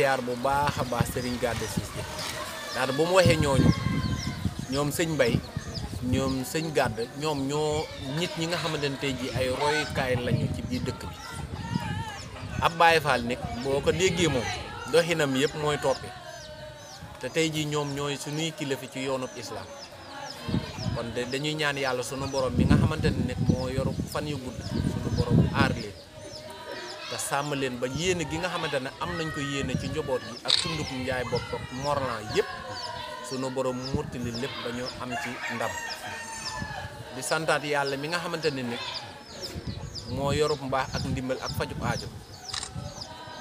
siyaar bu baax a baax Serigne Gade Cissé daal mu waxee ñooñu ñoom sëñ Mbay ñoom sëñ Gade ñoom ñoo nit ñi nga xamante ne tey jii ay royukaay lañu ci biir dëkk bi ab Baay Faal nekk boo ko déggee moom doxinam yépp mooy toppe te tey jii ñoom ñooy suñuy kilifa ci yoonub islaam kon dañuy ñaan yàlla sunu borom bi nga xamante ne nag moo yoru fan yu gudd sunu borom aar leen sàmm leen ba yéene gi nga xamante ne am nañ ko yéene ci njaboot gi ak sunduk njaay bopp Morlan yëpp sunu borom murtili lépp ba ñu am ci ndam di santaat yàlla mi nga xamante ne nit moo yorub mbaax ak ndimbal ak fajub aajo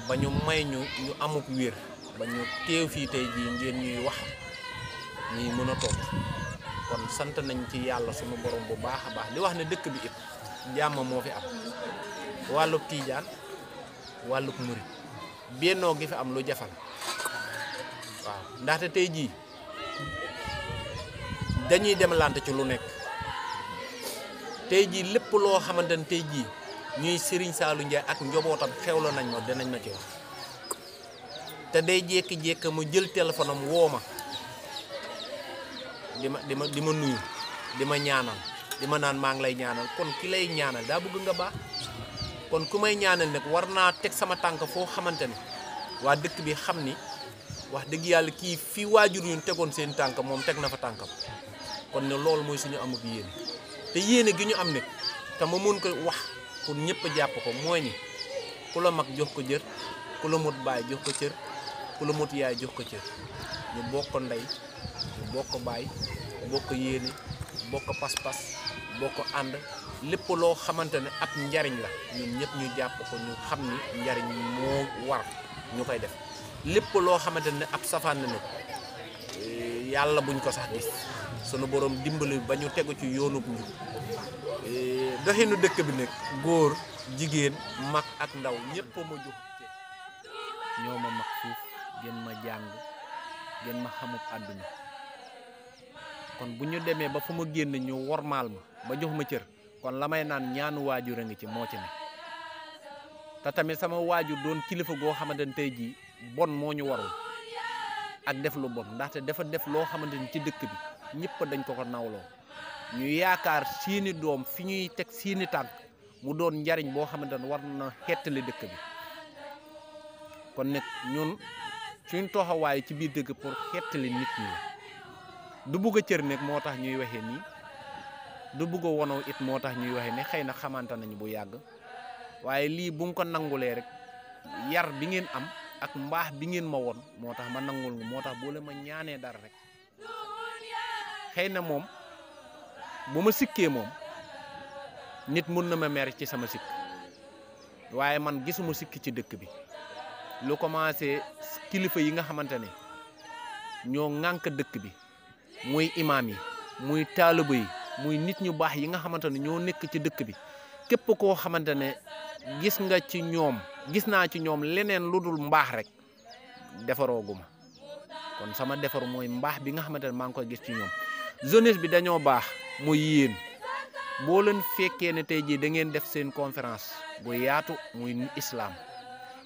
ba ñu may ñu ñu amuk wér ba ñu teew fii tey jii ngeen ñuy wax ñuy mën a toog kon sant nañ ci yàlla sunu borom bu baax a baax di wax ne dëkk bi it jàmm moo fi am wàllu tiijaan Waluk murid bennoo gi fi am lu jafal waaw ndax te tay ji dañuy lant ci lu nek tay ji lepp lo xamantene tay ji ñuy Serigne salu Ndiaye ak njobotam xewlo nañ ma ci wax te day jek jek mu jël telephone am woma dima dima dima di di nuyu di ñaanal di naan ma ngi lay ñaanal kon ki lay ñaanal da bëgg nga baax. kon ku may ñaanal nag war naa teg sama tànk foo xamante ne waa dëkk bi xam ni wax dëgg yàlla kii fii waajur yu tegoon seen tànk moom teg na fa tànkam kon ne loolu mooy suñu amub yéene te yéene gi ñu am nag te ma mun ko wax pour ñëpp jàpp ko mooy ni ku la mag jox ko jër ku la mot baay jox ko cër ku la mot yaay jox ko cër ñu bokk ndey ñu bokk baay bokk yéene bokk pas-pas bokk ànd lépp loo xamante ne ab njariñ la ñun ñëpp ñu jàpp ko ñu xam ni njariñ moo war ñu koy def lépp loo xamante ne ab safaan na ne eh, yàlla buñ ko sax gis sunu borom dimbali ba ñu tegu ci yoonub ñu eh, dëkk bi nag góor jigéen mag ak ndaw ñëpp ma ma mag fuuf gën gën ma xamub kon bu ñu demee ba fu ma génn ñu wormaal ma ba jox ma cër kon lamay nan ñaan waju rengi ci mo ci ne ta tamit sama waju doon kilifa xamanteni tay ji bon moo ñu ak def lu bon te dafa def lo xamanteni ci dekk bi ñepp dañ ko ko nawlo ñu yaakar seeni doom fi ñuy tek seeni tànk mu doon njariñ bo xamanteni war na xettali dekk bi kon nek ñun suñ toxawaay ci biir dekk pour xettali nit ñi du cër nek motax ñuy waxe ni du bëgg wono it motax ñuy waxe ne xeyna xamanta xamante nañ bu yagg li bu ko nangulé rek yar bi ngeen am ak mbax bi ngeen ma won motax ma nangul nga motax bo le ma ñaané dar rek xeyna mom bu ma sikké mom nit mën na ma mer ci sama sik man gisuma sik ci dëkk bi lu commencé kilifa yi nga xamante ne ngank dëkk bi muy imami, yi muy taaliba muy nit ñu bax yi nga xamante ne ñoo nekk ci dëkk bi képp koo xamante gis nga ci ñoom gis naa ci ñoom leneen lu mbaax rek kon sama defar mooy mbaax bi nga xamante ngi koy gis ci ñoom jeunesse bi dañoo baax muy yéen boo leen fekkee ne tey jii da ngeen def seen conférence bu yaatu muy islam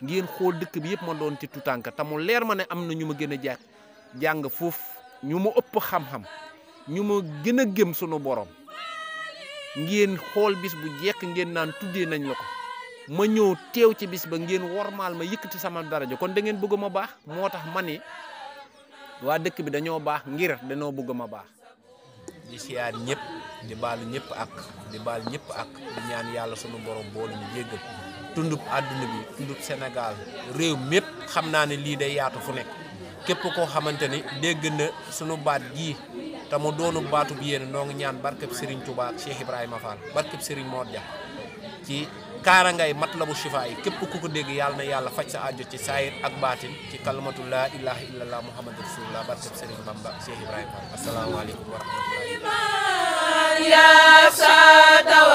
ngeen xool dëkk bi yëpp ma doon ci tutànk te mu leer ma ne am na ñu ma gën a jàng jàng xam-xam ñu ma gën a gëm sunu borom ngeen xool bis bu jekk ngeen naan tuddee nañ la ko ma ñëw teew ci bis ba ngeen wormaal ma yëkkati sama daraja kon da ngeen bëgg ma baax moo tax ma dëkk bi dañoo baax ngir dañoo bëgg ma baax di siyaar ñëpp di baalu ñëpp ak di baal ñëpp ak di ñaan yàlla sunu borom boolu ñu jéggal tundub àdduna bi tundub sénégal réew mépp xam naa ne lii day yaatu fu nekk képp koo xamante dégg na sunu baat gii te mu doonu baatu bi yéen noo ngi ñaan barkeb Serigne Touba ak Cheikh Ibrahima Fall barkeb Serigne Mor Dia ci kaara ngay bu shifa yi képp ku ko dégg yàlla na yàlla faj sa aajo ci saayir ak baatin ci kalimatu laa ilaha illallah muhammadu rasulullah barkeb Serigne Bamba Cheikh Ibrahima Fall asalaamaaleykum wa rahmatullah